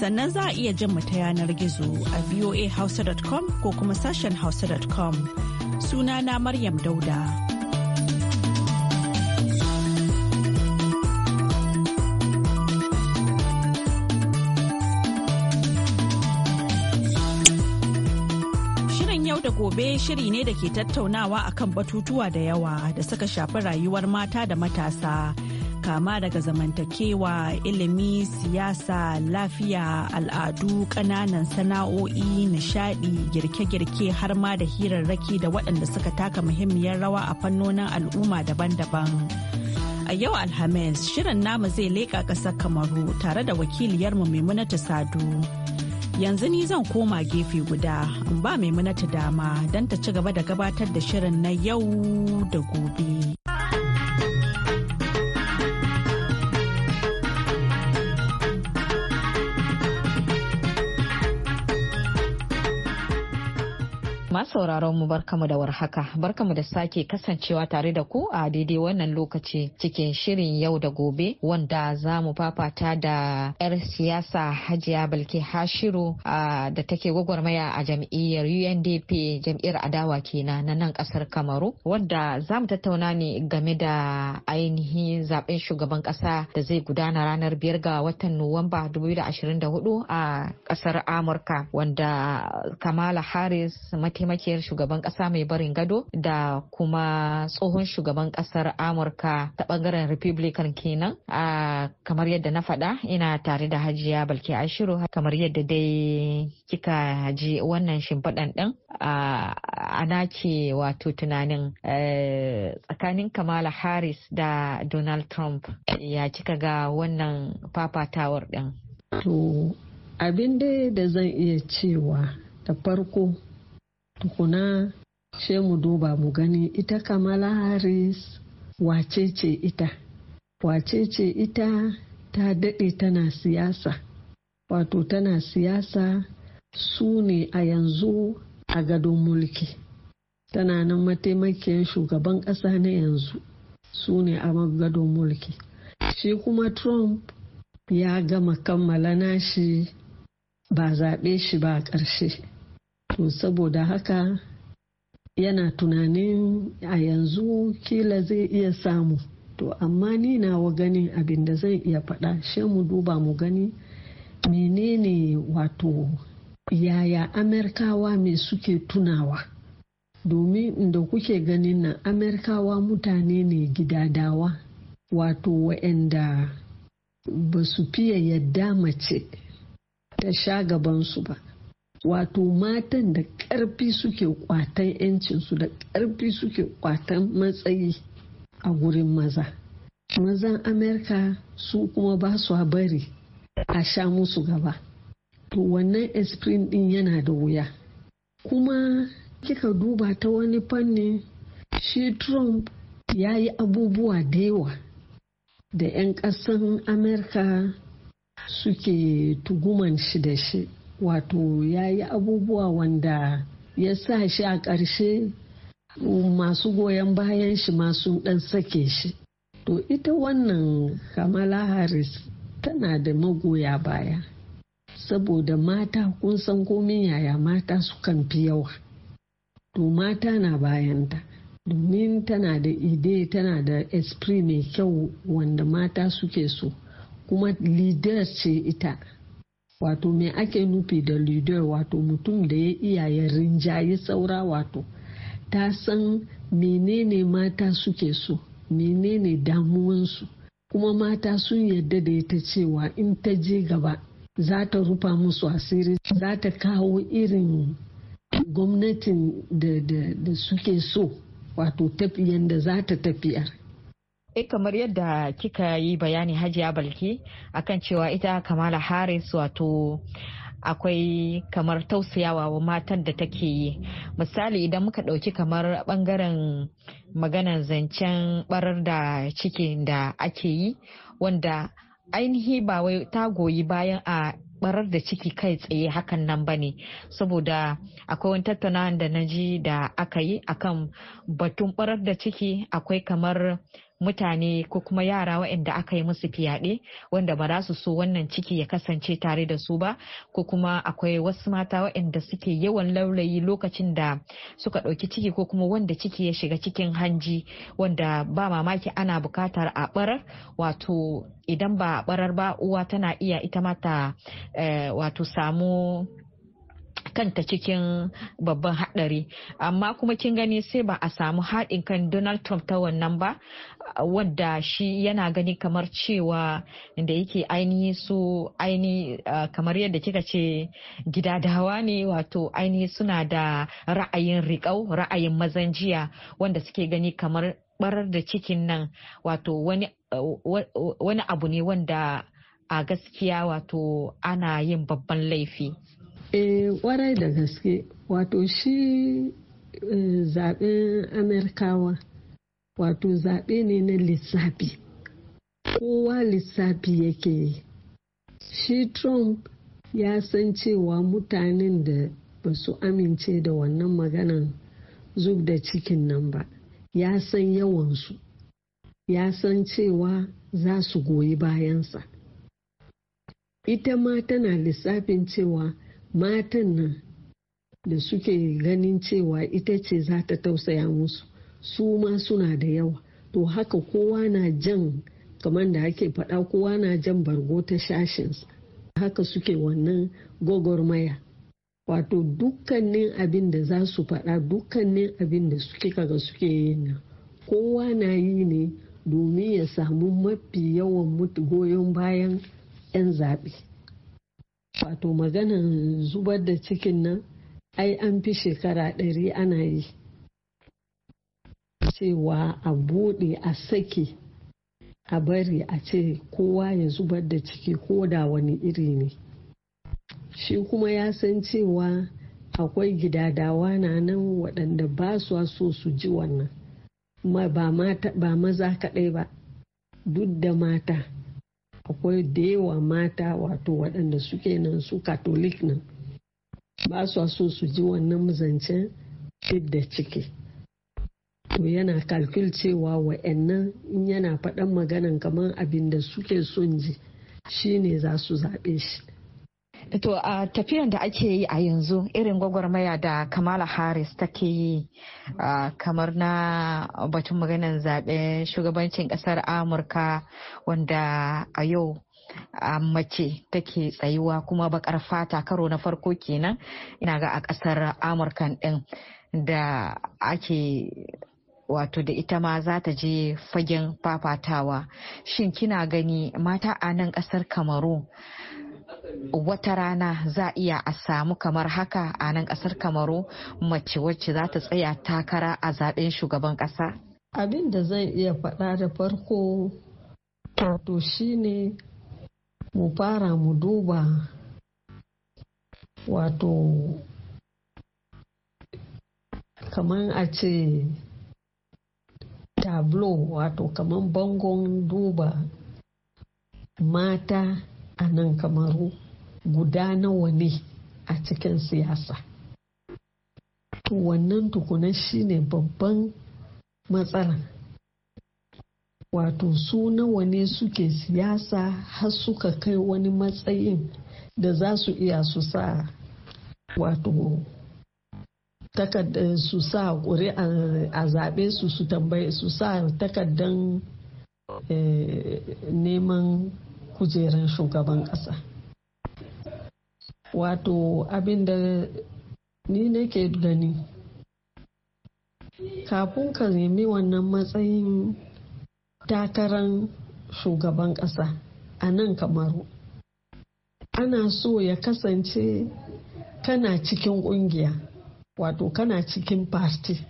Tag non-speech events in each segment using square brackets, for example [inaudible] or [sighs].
sannan za a iya jin mu ta yanar gizo a voahausa.com ko kuma sashen hausa.com suna na maryam dauda gobe shiri ne da ke tattaunawa akan batutuwa da yawa da suka shafi rayuwar mata da matasa kama daga zamantakewa ilimi siyasa lafiya al'adu ƙananan sana'o'i nishadi girke-girke har ma da hirarraki da waɗanda suka taka muhimmiyar rawa a fannonin al'umma daban-daban a yau alhamis shirin namu zai leƙa ƙasar kamaru tare da wakiliyarmu maimunatu sadu yanzu ni zan koma gefe guda in ba maimunatu dama don ta ci gaba da gabatar da shirin na yau da gobe. sauraron mu barkamu da warhaka barkamu da sake kasancewa tare da ku a daidai wannan lokaci cikin shirin yau da gobe wanda za mu fafata da 'yar siyasa hajiya balki hashiru da take gwagwarmaya a jam'iyyar undp jam'iyyar adawa kenan na nan kasar kamaru wanda za mu tattauna ne game da ainihin zaben shugaban kasa da zai gudana ranar biyar ga watan nuwamba 2024 a kasar amurka wanda kamala harris mataimakin mataimakiyar shugaban kasa mai barin gado da kuma tsohon shugaban kasar amurka ta bangaren republican kenan a kamar yadda na faɗa ina tare da hajiya balki ashiru kamar yadda dai kika ji wannan shimfiɗan ɗin a nake wato tunanin eh, tsakanin kamala harris da donald trump ya kika ga wannan fafatawar ɗin to abin dai da zan iya cewa da farko tukuna she mu duba mu gani ita kamala harris wace ce ita wace ce ita ta daɗe tana siyasa wato tana siyasa su ne a yanzu a gadon mulki tana nan mataimakiyar shugaban ƙasa na yanzu su ne a gadon mulki shi kuma trump ya gama kammala nashi ba zaɓe shi ba ƙarshe To saboda haka yana tunanin a yanzu kila zai iya samu. To amma ni nawa ganin abin da zan iya faɗa shi mu duba mu gani menene wato yaya Amerikawa me suke tunawa. Domin inda kuke ganin nan Amerikawa mutane ne gidadawa wato wa'anda ba su fiye yadda mace ta sha gabansu ba. wato matan da ƙarfi suke kwatan 'yancinsu da ƙarfi suke kwatan matsayi a gurin maza mazan amerika su kuma ba su bari a sha musu gaba to wannan esprin ɗin yana da wuya kuma kika duba ta wani fanni shi trump ya yi abubuwa da yawa da 'yan ƙasan amerika suke tuguman shi da shi wato ya yi abubuwa wanda ya sa shi a ƙarshe masu goyon bayan shi masu ɗan sake shi to ita wannan kamala harris tana da magoya baya saboda mata kun san komin yaya mata sukan fi yawa to mata na bayanta domin tana da ide tana da esprit mai kyau wanda mata suke so kuma leader ce ita wato me ake nufi da leader wato mutum da ya iyaye rinjaye saura wato ta san menene mata suke so menene damuwansu kuma mata sun yarda da ita cewa in ta je gaba za ta rufa musu asiri za ta kawo irin gwamnatin da, da suke so wato tafiyan da za ta tafiyar E kamar yadda kika yi bayani hajiya balki akan cewa ita kamala harris wato akwai kamar tausayawa wa matan da take yi misali idan muka ɗauki kamar ɓangaren maganar zancen barar da ciki da ake yi wanda ainihi ba wai ta goyi bayan a barar da ciki kai tsaye hakan nan ba ne saboda akwai wani tattaunawa da na ji da aka yi akan batun barar da ciki akwai kamar mutane ko kuma yara waɗanda aka yi musu fyaɗe wanda ba za su so wannan ciki ya kasance tare da su ba ko kuma akwai wasu mata waɗanda suke yawan laulayi lokacin da suka ɗauki ciki ko kuma wanda ciki ya shiga cikin hanji wanda ba mamaki ana buƙatar a ɓarar wato idan ba a ɓarar ba uwa tana iya ita mata eh, wato samu kanta cikin babban hadari amma kuma kin gani sai ba a samu haɗin kan donald trump ta wannan ba wadda shi yana gani kamar cewa da yake ainihi su ainihi kamar yadda kika ce gidadawa ne wato ainihi suna da ra'ayin riƙau ra'ayin mazan jiya wanda suke gani kamar barar da cikin nan wato wani abu ne wanda a gaskiya wato ana yin babban laifi eh kwarai da gaske wato shi eh, zaben amerikawa wato zaɓe ne na lissafi kowa lissafi yake yi shi trump ya san cewa mutanen da ba su amince da wannan maganan zub da cikin nan ba ya san yawansu ya san cewa za su goyi bayansa ita ma tana lissafin cewa matan nan da suke ganin cewa ita ce za ta tausaya musu su ma suna da yawa to haka kowa na jan kamar da ake faɗa kowa na jan bargo ta shashinsa haka suke wannan gwagwarmaya wato dukkanin abin da za su faɗa dukkanin abin da suke kaga suke yin nan kowa na yi ne domin ya samu mafi yawan mutu goyon bayan 'yan zaɓe wato maganan zubar da cikin nan ai an fi shekara ɗari ana yi cewa a buɗe a sake a bari a ce kowa ya zubar da ciki ko da wani iri ne shi kuma ya san cewa akwai gidadawa na nan waɗanda ba su so su ji wannan ba maza kaɗai ba duk da mata akwai da yawa mata wato waɗanda suke nan su katolik nan ba su so su ji wannan zancen duk da ciki to yana kalkul cewa wa'annan in yana faɗan maganan kamar abinda suke son ji shine za su zaɓe shi To a tafiyan da ake yi a yanzu irin gwagwarmaya da Kamala Harris take yi kamar na batun maganin zaɓe shugabancin ƙasar Amurka wanda a yau a mace take tsayuwa kuma bakar fata karo na farko kenan ina ga a ƙasar Amurka ɗin da ake wato da ita ma za ta je fagen fafatawa shin kina gani mata a nan ƙasar kamaru wata rana za iya a samu kamar haka a nan kasar kamaru mace wacce za ta tsaya takara a zaben shugaban ƙasa? abin da zai iya faɗa da farko to shine mu fara mu duba wato kamar a ce tablo wato kamar bangon duba mata a nan kamaru guda nawa ne a cikin siyasa to wannan tukunan ne babban matsala wato su nawa ne suke siyasa har suka kai wani matsayin da za su iya su sa wato su sa a zaɓe su su tambaye su sa takardan eh, neman kujeran shugaban ƙasa wato abin da ni nake gani kafin ka nemi wannan matsayin takaran shugaban ƙasa a nan kamaru ana so ya kasance kana cikin ƙungiya wato kana cikin party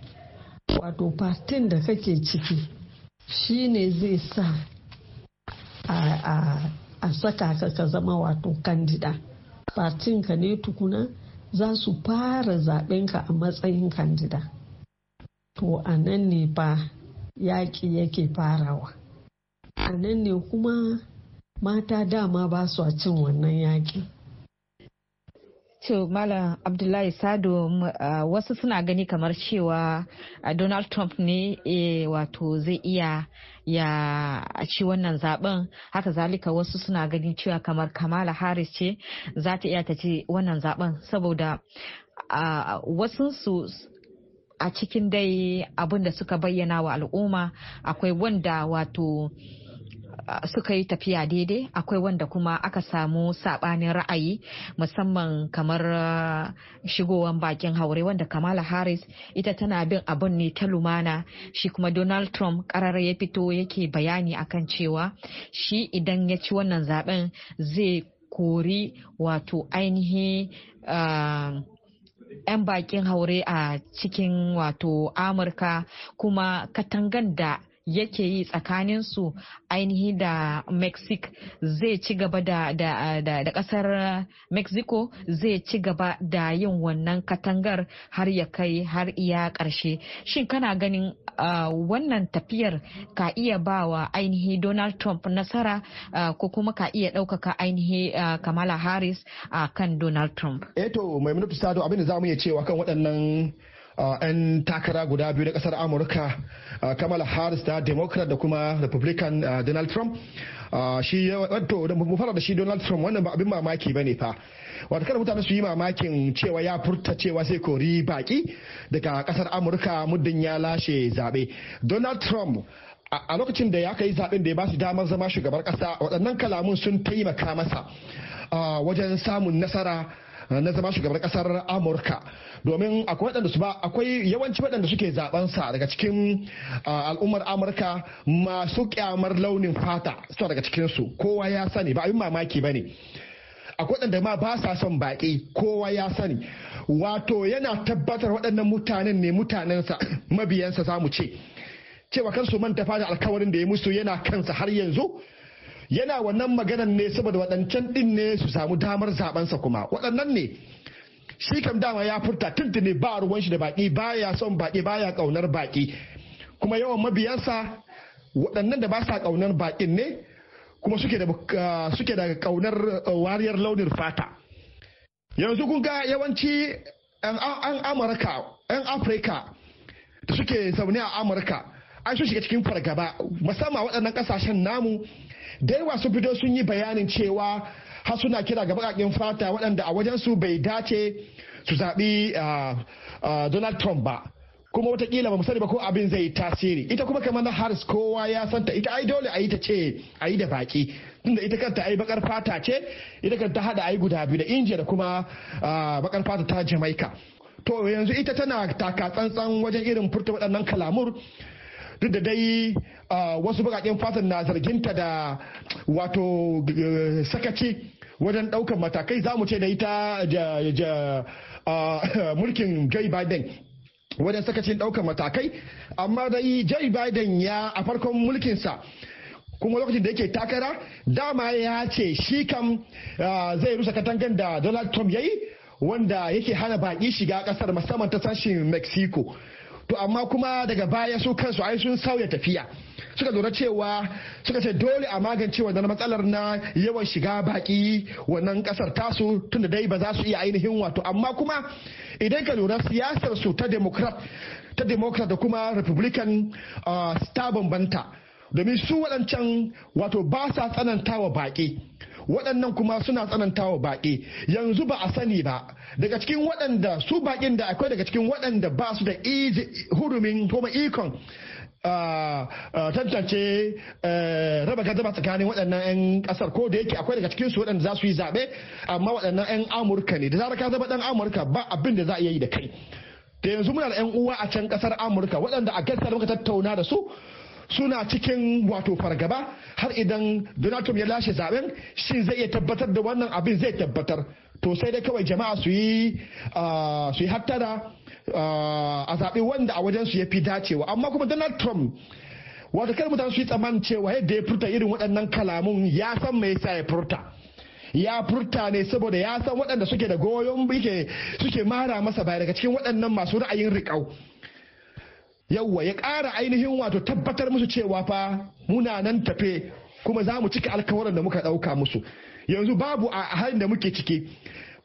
wato partin da kake ciki shi ne zai sa a saka ka ka zama wato kandida fatin ka ne tukuna za su fara ka a matsayin kandida to a nan ne ba yaƙi yake farawa a nan ne kuma mata dama ba su cin wannan yaƙi to Malam Abdullahi Sado wasu suna gani kamar cewa Donald Trump ne e, wato zai iya ya ci wannan zaben haka zalika wasu suna ganin cewa kamar Kamala Harris ce za ta iya ta ci wannan zaben saboda wasu su a cikin dai abin da suka bayyana wa al'umma akwai wanda wato suka yi tafiya daidai akwai wanda kuma aka samu sabanin ra'ayi musamman kamar uh, shigowan bakin haure wanda kamala harris ita tana bin abin ne ta lumana shi kuma donald trump karara ya fito yake bayani akan cewa shi idan ya ci wannan zaben zai kori wato ainihi uh, 'yan bakin haure a cikin wato amurka kuma katangan da yake yi tsakanin su ainihi da mexico zai ci gaba da kasar mexico zai ci gaba da yin wannan katangar har ya kai har iya karshe shin kana ganin wannan tafiyar ka iya ba wa ainihi donald trump nasara ko kuma ka iya ɗaukaka ainihi kamala harris a kan donald trump eto eh mai minutu sado abin da za mu iya cewa kan waɗannan Ah, 'yan takara guda biyu na kasar amurka ah, kamala harris da democrat da kuma republican ah, donald trump shi wato da mu fara da shi donald trump wannan ba abin mamaki ba ne fa wato kada mutane su yi mamakin cewa ya furta cewa sai kori baki daga kasar amurka muddin ya lashe zabe. donald trump a lokacin da ya kai zaben da ya ba su damar zama shugabar kasa waɗannan kalamun sun taimaka masa wajen samun nasara na zama shugaban kasar amurka domin akwai waɗanda su ba akwai yawanci waɗanda suke zaben sa daga cikin al'ummar amurka masu kyamar launin fata suna daga cikin su kowa ya sani ba abin mamaki ba ne akwai waɗanda ma ba sa son baƙi kowa ya sani wato yana tabbatar waɗannan mutanen ne mutanensa mabiyansa za mu ce cewa kansu manta da alkawarin da ya musu yana kansa har yanzu yana wannan maganan ne saboda waɗancan ɗin ne su samu damar zaɓensa kuma waɗannan ne shi kam dama ya furta tuntuni ba ruwan shi da baƙi baya son baƙi baya ƙaunar baƙi kuma yawan mabiyansa waɗannan da ba sa ƙaunar baƙin ne kuma suke da ah, suke ƙaunar ah, wariyar launin fata yanzu kun ga yawanci 'yan amurka an afirka da suke zaune a amurka an su shiga cikin fargaba musamman waɗannan ƙasashen namu Daiwa yawa sun fito sun yi bayanin cewa har suna kira ga baƙaƙen fata waɗanda a wajensu bai dace su zaɓi ah, ah, donald trump ba kuma watakila ba mu sani ba ko abin zai tasiri ita kuma kamar na Harris kowa ya santa ita ai dole a yi ta ce a yi da baki tunda ita kanta ai bakar fata ce ita kanta hada ai guda biyu da India da kuma ah, bakar fata ta Jamaica to yanzu ita tana taka tsantsan wajen irin furta waɗannan kalamur duk da dai wasu bukakin fatan na zarginta da wato eh, sakaci wajen daukan matakai za mu ce da ita [laughs] mulkin Joe Biden wajen sakacin ɗaukar matakai amma dai Joe Biden ya a farkon mulkinsa kuma lokacin da yake takara dama ya ce shi kam zai rusa katangan da Donald Trump ya yi wanda yake hana baƙi shiga ƙasar musamman ta sashen Mexico to amma kuma daga baya su kansu ai sun sauya tafiya suka lura cewa suka ce dole a magance wannan matsalar na yawan shiga baki wannan kasar tasu tunda dai ba za su iya ainihin wato amma kuma idan ka lura siyasar su ta democrat ta democrat da kuma republican ta bambanta domin su waɗancan wato ba sa tsananta wa baƙi waɗannan kuma suna tsanantawa baƙi yanzu ba a sani ba daga cikin waɗanda su baƙin da akwai daga cikin waɗanda ba su da hurumin kuma ikon tantance raba gardama tsakanin waɗannan 'yan ƙasar ko da yake akwai daga cikin su waɗanda za su yi zaɓe amma waɗannan 'yan amurka ne da zarar ka zama ɗan amurka ba abin da za a yi da kai da yanzu muna da 'yan uwa a can ƙasar amurka waɗanda a gaskar muka tattauna da su suna cikin wato fargaba har idan donald trump ya lashe zaben shin zai iya tabbatar da wannan abin zai tabbatar to sai dai kawai jama'a su yi ah, su yi hattara ah, a zaɓi wanda a wajen su ya fi dacewa amma kuma donald trump wato kar mutane su yi tsaman cewa yadda ya furta irin waɗannan kalamun ya san me yasa ya furta ya furta ne saboda ya san waɗanda suke da goyon suke mara masa baya daga cikin waɗannan masu ra'ayin riƙau yawwa ya ƙara ainihin wato tabbatar musu cewa fa muna nan tafe kuma za mu cika alkawarin da muka ɗauka musu yanzu babu a halin da muke ciki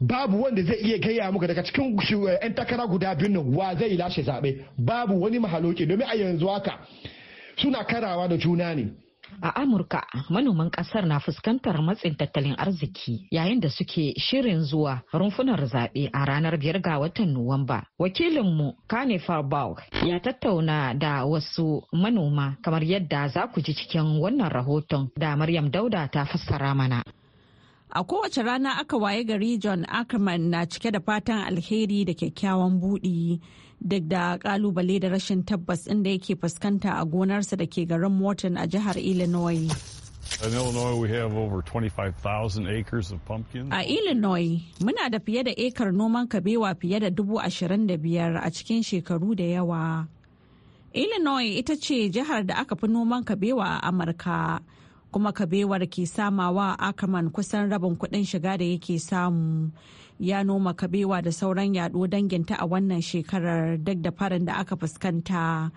babu wanda zai iya gaya muka daga cikin eh, 'yan takara guda biyun da wa zai lashe zaɓe babu wani mahaloki domin a yanzu haka suna karawa da juna ne A Amurka manoman kasar na fuskantar matsin tattalin arziki yayin da suke shirin zuwa rumfunar zaɓe a ranar biyar ga watan Nuwamba. Wakilinmu Kane Farbaugh ya tattauna da wasu manoma kamar yadda za ku ji cikin wannan rahoton da Maryam Dauda ta fassara mana. A kowace rana aka waye gari John Ackerman na cike da fatan alheri da kyakkyawan buɗi. duk da kalubale da rashin tabbas inda yake fuskanta a gonarsa da ke garin morton a jihar illinois A Illinois, muna da fiye da ekar noman kabewa fiye da dubu ashirin da biyar a cikin shekaru da yawa. Illinois ita ce jihar da aka fi noman kabewa a Amurka, kuma kabewar ke samawa Ackerman kusan rabin kudin shiga da yake samu. ya noma kabewa da sauran yaɗo danginta a wannan shekarar duk da farin da aka fuskanta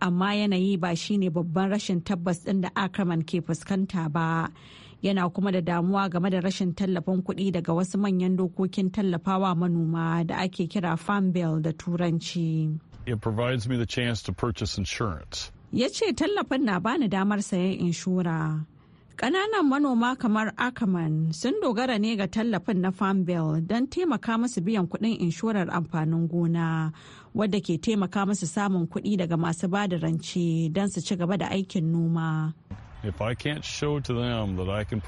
amma yanayi ba shine babban rashin tabbas ɗin da akraman ke fuskanta ba yana kuma da damuwa game da rashin tallafin kuɗi daga wasu manyan dokokin tallafawa manoma da ake kira farm bill da turanci it provides me the chance to purchase insurance ya ce tallafin na bani damar sayan inshora Ƙananan manoma kamar Ackerman sun dogara ne ga tallafin na Farm Bill don taimaka musu biyan kuɗin inshorar amfanin gona wadda ke taimaka musu samun kuɗi daga masu bada rance don su ci gaba da aikin noma. If I can't Idan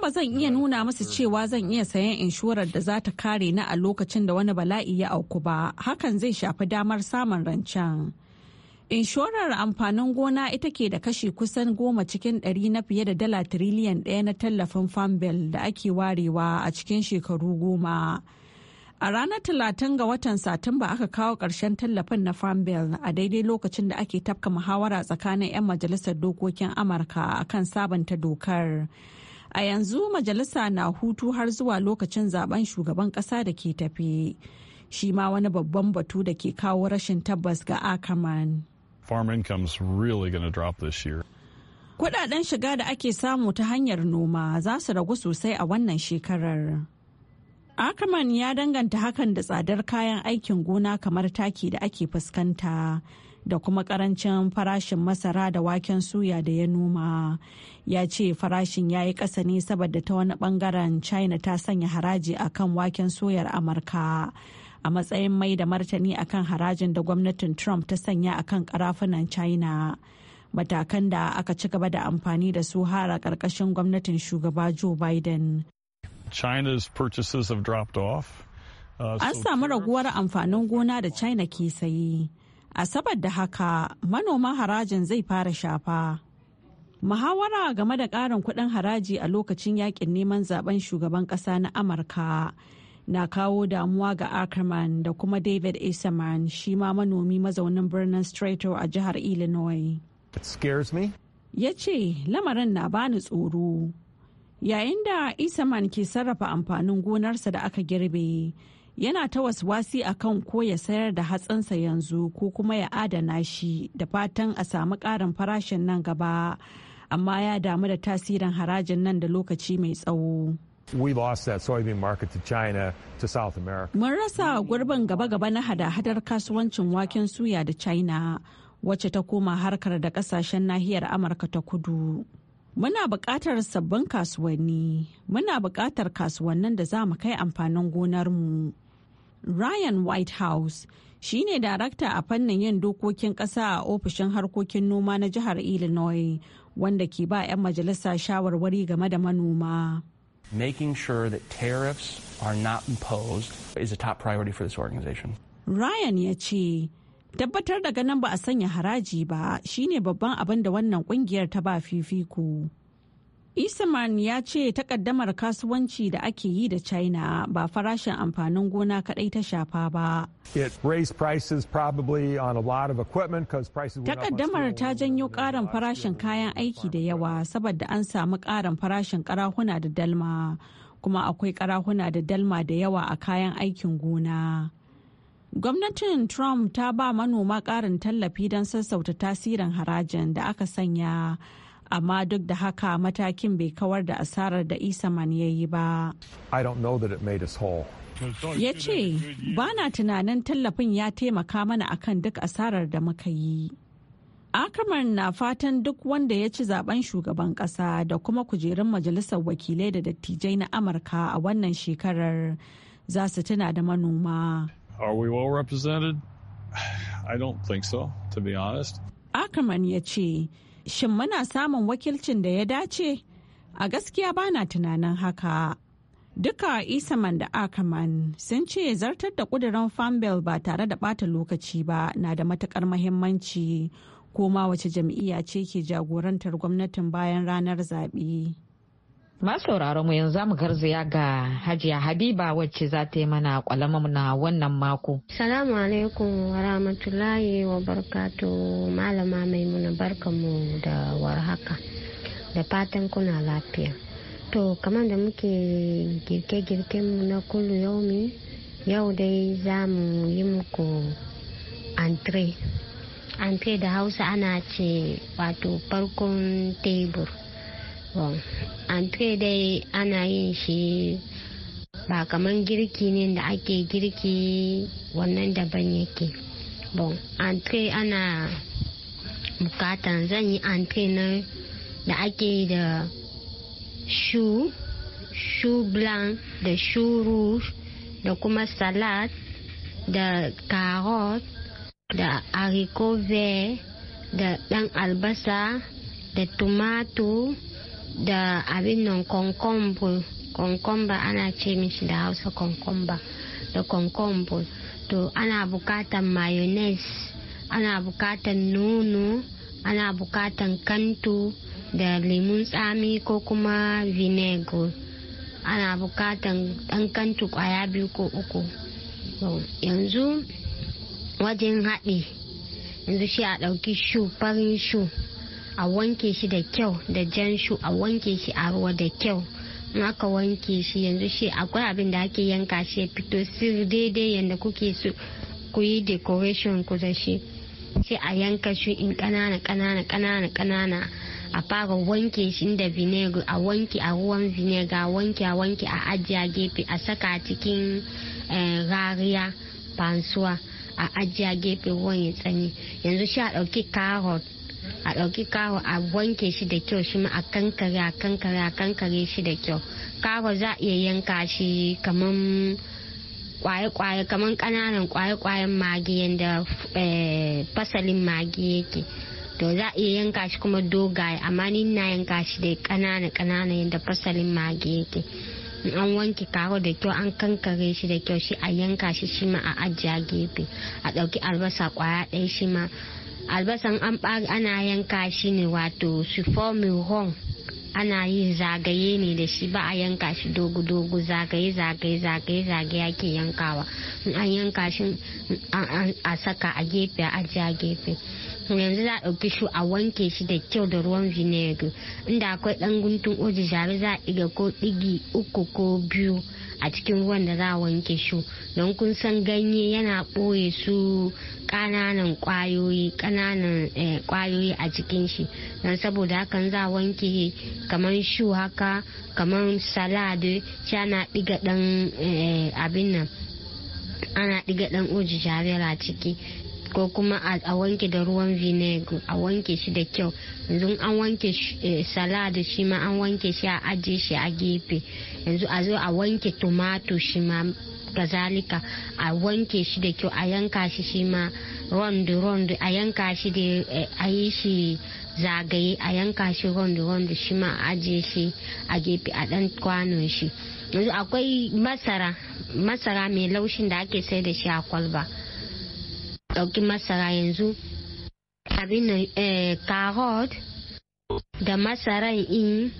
ba zan iya nuna musu cewa zan iya sayan inshorar da za ta kare ni a lokacin da wani bala'i ya auku ba, hakan zai shafi damar samun rancen. Inshorar amfanin gona ita ke da kashi kusan goma cikin ɗari na fiye da dala tiriliyan ɗaya na tallafin fambel da ake warewa a cikin shekaru goma. A ranar talatin ga watan Satumba aka kawo ƙarshen tallafin na fambel a daidai lokacin da ake tafka muhawara tsakanin 'yan majalisar dokokin Amurka akan sabanta dokar. A yanzu majalisa na hutu har zuwa lokacin zaben shugaban ƙasa da ke tafi. Shi ma wani babban batu da ke kawo rashin tabbas ga akaman. farm income's really going to drop this year. Kudaden shiga da ake samu ta hanyar noma za su ragu sosai a wannan shekarar. Ackerman ya danganta hakan da tsadar kayan aikin gona kamar taki da ake fuskanta da kuma karancin farashin masara da waken suya da ya noma. Ya ce farashin ya yi ƙasa ne saboda ta wani bangaren China ta sanya haraji akan waken soyar Amurka. a matsayin mai da martani akan harajin da gwamnatin Trump ta sanya akan karafunan China. Matakan da aka ci gaba da amfani da su har a ƙarƙashin gwamnatin shugaba Joe Biden. China's purchases have dropped off. Uh, An samu raguwar amfanin gona da China ke sayi. A da haka manoman harajin zai fara shafa. Muhawara game da ƙarin kuɗin haraji a lokacin yakin neman zaben shugaban ƙasa na Amurka na kawo damuwa ga ackerman da kuma david isaman shi ma manomi mazaunin birnin strato a jihar illinois ya ce lamarin na bani tsoro yayin da isaman ke sarrafa amfanin gonarsa da aka girbe yana ta waswasi a kan ko ya sayar da hatsinsa yanzu ko kuma ya adana shi da fatan a samu ƙarin farashin nan gaba amma ya damu da tasirin harajin nan da lokaci mai tsawo. We lost that soybean market to China to South America. Mun rasa gurbin gaba-gaba na hada-hadar kasuwancin waken suya da China wacce ta koma harkar da kasashen nahiyar Amurka ta kudu. Muna buƙatar sabbin kasuwanni, muna buƙatar kasuwannin da za mu kai amfanin gonarmu. Ryan Whitehouse shi ne darakta a fannin yin dokokin ƙasa a ofishin harkokin noma na jihar Illinois wanda ke ba 'yan majalisa shawarwari game da manoma. making sure that tariffs are not imposed is a top priority for this organization. Ryan ya ce, tabbatar da ganin ba a sanya haraji ba shine babban abin da wannan kungiyar ta ba fifiko. Isaman ya ce takaddamar kasuwanci da ake yi da China ba farashin amfanin gona kadai ta shafa ba. Takaddamar ta janyo karin farashin kayan aiki da yawa saboda an samu karin farashin karahuna da dalma kuma akwai karahuna da dalma da yawa a kayan aikin gona. Gwamnatin Trump ta ba manoma karin tallafi don sassauta tasirin harajin da aka sanya. amma duk da haka matakin bai kawar da asarar da isaman ya yi ba ya ce ba na tunanin tallafin ya taimaka mana akan duk asarar da muka yi akamar na fatan duk wanda ya ci zaben shugaban kasa da kuma kujerun majalisar wakilai da dattijai na amurka a wannan shekarar za su tuna da manoma akamar [sighs] ya ce, shin muna samun wakilcin da ya dace a gaskiya bana tunanin haka duka man da akaman sun ce zartar da kudirin fambel ba tare da bata lokaci ba na da matukar mahimmanci ko wace jam'iyya ce ke jagorantar gwamnatin bayan ranar zaɓe. sauraron mu yanzu mu garzaya ga Hajiya Habiba wacce za ta yi mana kwalama na wannan mako. Salamu alaikum wa rahmatullahi wa barkatu malama maimuna barkamu da warhaka da fatan kuna lafiya. To kamar da muke girke-girken mu na kullu mi yau dai za mu yi muku antre. Antre da hausa ana ce wato farkon tebur. anfe dai ana yin shi ba kaman girki ne da ake girki wannan daban yake bon antre ana bukatan zan yi antre nan da ake da shu shu blanc da shu rouge da kuma salad da karot da haricot vert da dan albasa da tomato da abin nan konkombo konkomba ana ce mishi da hausa konkomba da konkombo to ana bukatan mayonnaise ana bukatan nono ana bukatan kantu da lemun tsami ko kuma vinegar ana bukatan dan kantu kwaya biyu ko uku yanzu wajen haɗi yanzu shi a ɗauki shu farin shu a wanke shi da kyau da jan shu a wanke shi a ruwa da kyau in aka wanke shi yanzu shi akwai abin da ake yanka shi ya fito sir daidai yadda kuke su ku yi decoration ku da shi sai a yanka shi in kanana kanana kanana kanana a fara wanke shi da vinegar a wanke a ruwan vinegar a wanke a wanke a ajiya gefe a saka cikin eh, rariya fansuwa a ajiya gefe ruwan ya tsanye yanzu shi a ɗauki carrot a ɗauki kawo a wanke shi da kyau shi ma a kankare a kankare a kankare shi da kyau kawo za a iya yanka shi kaman kwaye-kwaye kaman ƙananan kwaye-kwayen magi yadda eh, fasalin magi yake to za a iya yanka shi kuma dogaye amma ni na yanka shi da ƙanana-ƙanana yadda fasalin magi yake an wanke karo da kyau an kankare shi da kyau shi a yanka shi shi ma a ajiya gefe a ɗauki albasa kwaya ɗaya shi ma albasan an ana yanka shi ne wato sifomihon ana yin zagaye ne da shi ba a yanka shi dogu-dogu zagaye zagaye zagaye zagaye ake yankawa an yanka shi a saka a gefe a ajiye a gefe yanzu za a ɗauki shi a wanke shi da kyau da ruwan vinegar inda akwai ɗan guntun oji jari za a iga ko ɗigi uku ko biyu a cikin ruwan da za a wanke shu don kun san ganye yana ɓoye su ƙananan ƙwayoyi ƙananan eh, ƙwayoyi a cikin shi don saboda hakan za a wanke kamar shu haka kamar salad shi ana ɗiga ɗan eh, abin nan ana ɗiga ɗan oji a ciki ko kuma a wanke da ruwan vinegar a wanke shi da kyau yanzu an wanke eh, salad shi ma an wanke shi a ajiye shi a gefe yanzu a zo a wanke tomato shi ma kazalika a wanke shi da kyau a yanka shi shi ma rondo rondo a yanka shi da eh, a yi shi zagaye a yanka shi rondo rondo shi ma a ajiye shi a gefe a dan kwanon shi yanzu akwai masara masara mai laushin da ake sai da shi a kwalba ɗauki masara yanzu abin eh, carrot da masara in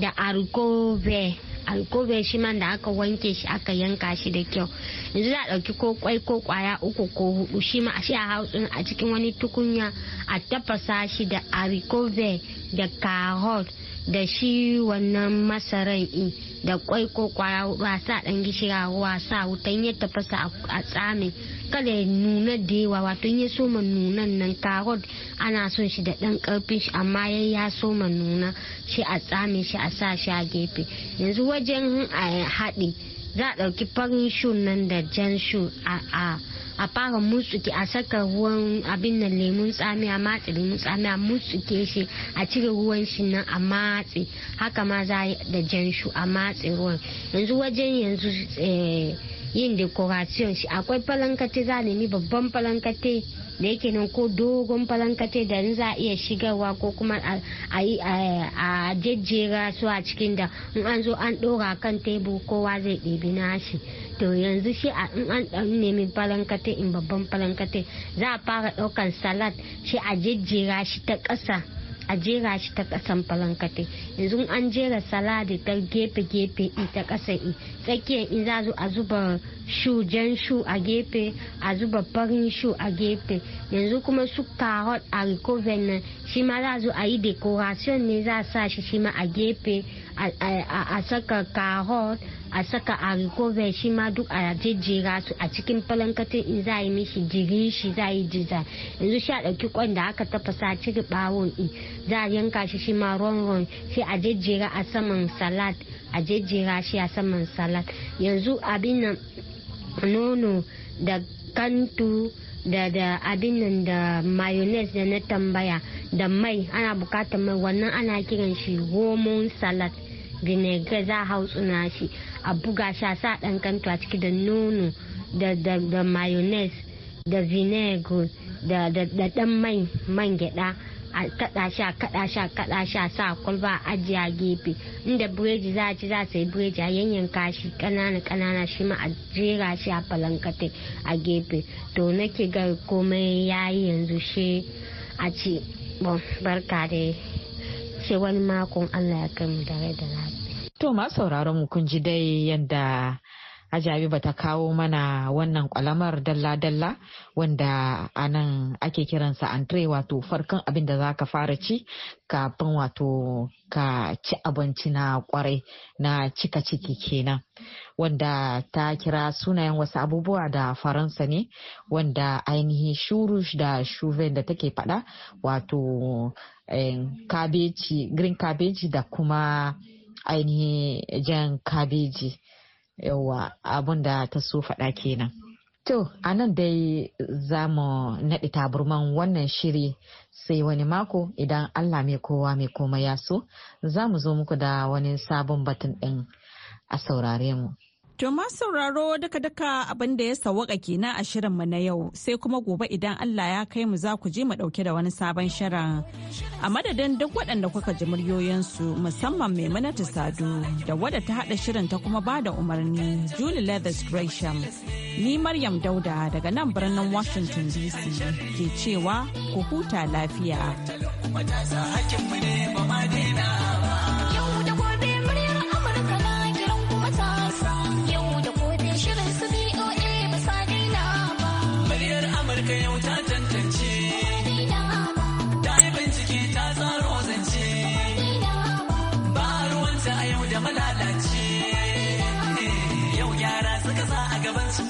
da argobe alkobe shi man da aka wanke shi aka yanka shi da kyau yanzu za a ɗauki ko kwai ko kwaya uku ko hudu shi ma shi a hautsin a cikin wani tukunya a tafasa shi da arikobe da carrot da shi wannan masaran in da kwai ko kwaya wasa dan gishira wasa wutan ya tafasa a tsami kada ya nuna da yawa wato ya soma nunan nan karot ana son shi da dan karfin shi amma ya ya soma nuna shi a tsami shi a sa shi a gefe yanzu wajen eh, haɗe za a ɗauki farin shun nan da jan shu a a fara mutsuke a saka ruwan abin nan lemun tsami a matse lemun tsami a mutsuke shi a cire ruwan shi nan a matse haka ma za da jan shu a matse ruwan yanzu wajen yanzu eh, yin decoration shi akwai falankate za nemi babban falankate da yake nan ko dogon falankate da za a iya shigarwa ko kuma a jejjera su a cikin da in an zo an dora kan tebur kowa zai ɗebi nashi to yanzu shi a in an ɗan nemi falankate in babban falankate za a fara ɗaukan salad shi a jejjera shi ta ƙasa a jera shi ta ƙasan falankate yanzu an jera saladi ta gefe-gefe i ta ƙasa i tsakiyar in za a zuba shu jan shu a gefe a zuba farin shu a gefe yanzu kuma su carrot a recovery shi ma za a yi decoration ne za a sa shi shi ma a gefe a saka karot a saka arikobe shi ma duk a jejjera su a cikin falankatin in za yi mishi jiri shi za yi jiza yanzu sha ɗauki kwan da aka tafasa cire bawon in za a yanka shi shi ma ronron shi a jejjera a saman salad a jejjera shi a saman salad yanzu abin nan nono da kantu da da abin nan da mayonnaise da na tambaya da mai ana bukatar mai wannan ana kiran shi homon salad vinegar za a hautsuna shi a buga shi a sa ɗan a ciki da nono da mayonnaise da vinegar da ɗan mai man gyaɗa a kaɗa shi a kaɗa shi a kaɗa shi a sa kwalba a ajiye a gefe inda biredi za a ci za a sayi biredi a yanyanka shi kanana kanana shi ma a jera shi a falankate a gefe to nake ga komai yayi yanzu shi a ci bon barka dai ce wani makon Allah ya kai mu da rai da lafiya. To ma sauraron mu kun ji dai yadda ajabi ba ta kawo mana wannan kwalamar dalla-dalla wanda anan ake kiransa antre wato farkon abin da za ka fara ci kafin wato ka ci abinci na kwarai na cika ciki kenan wanda ta kira sunayen wasu abubuwa da faransa ne wanda ainihin shurush da shuven da take fada wato eh, kabeji green kabeji da kuma ainihin jan kabeji yawa abun da ta so faɗa kenan to a nan dai za mu naɗi taburman wannan shiri sai wani mako idan allah mai kowa mai koma ya so za mu zo muku da wani sabon batun ɗin a saurare mu To ma sauraro daka-daka abin da ya sawaka kenan a shirin mu na yau sai kuma gobe idan Allah ya kai mu za ku je mu dauke da wani sabon shirin. A madadin duk waɗanda kuka ji muryoyinsu musamman mai Maimunatu Sadu da wadda ta haɗa shirin ta kuma ba da umarni Julie Leathers Gresham. Ni Maryam Dauda daga nan birnin Washington DC ke cewa ku huta lafiya.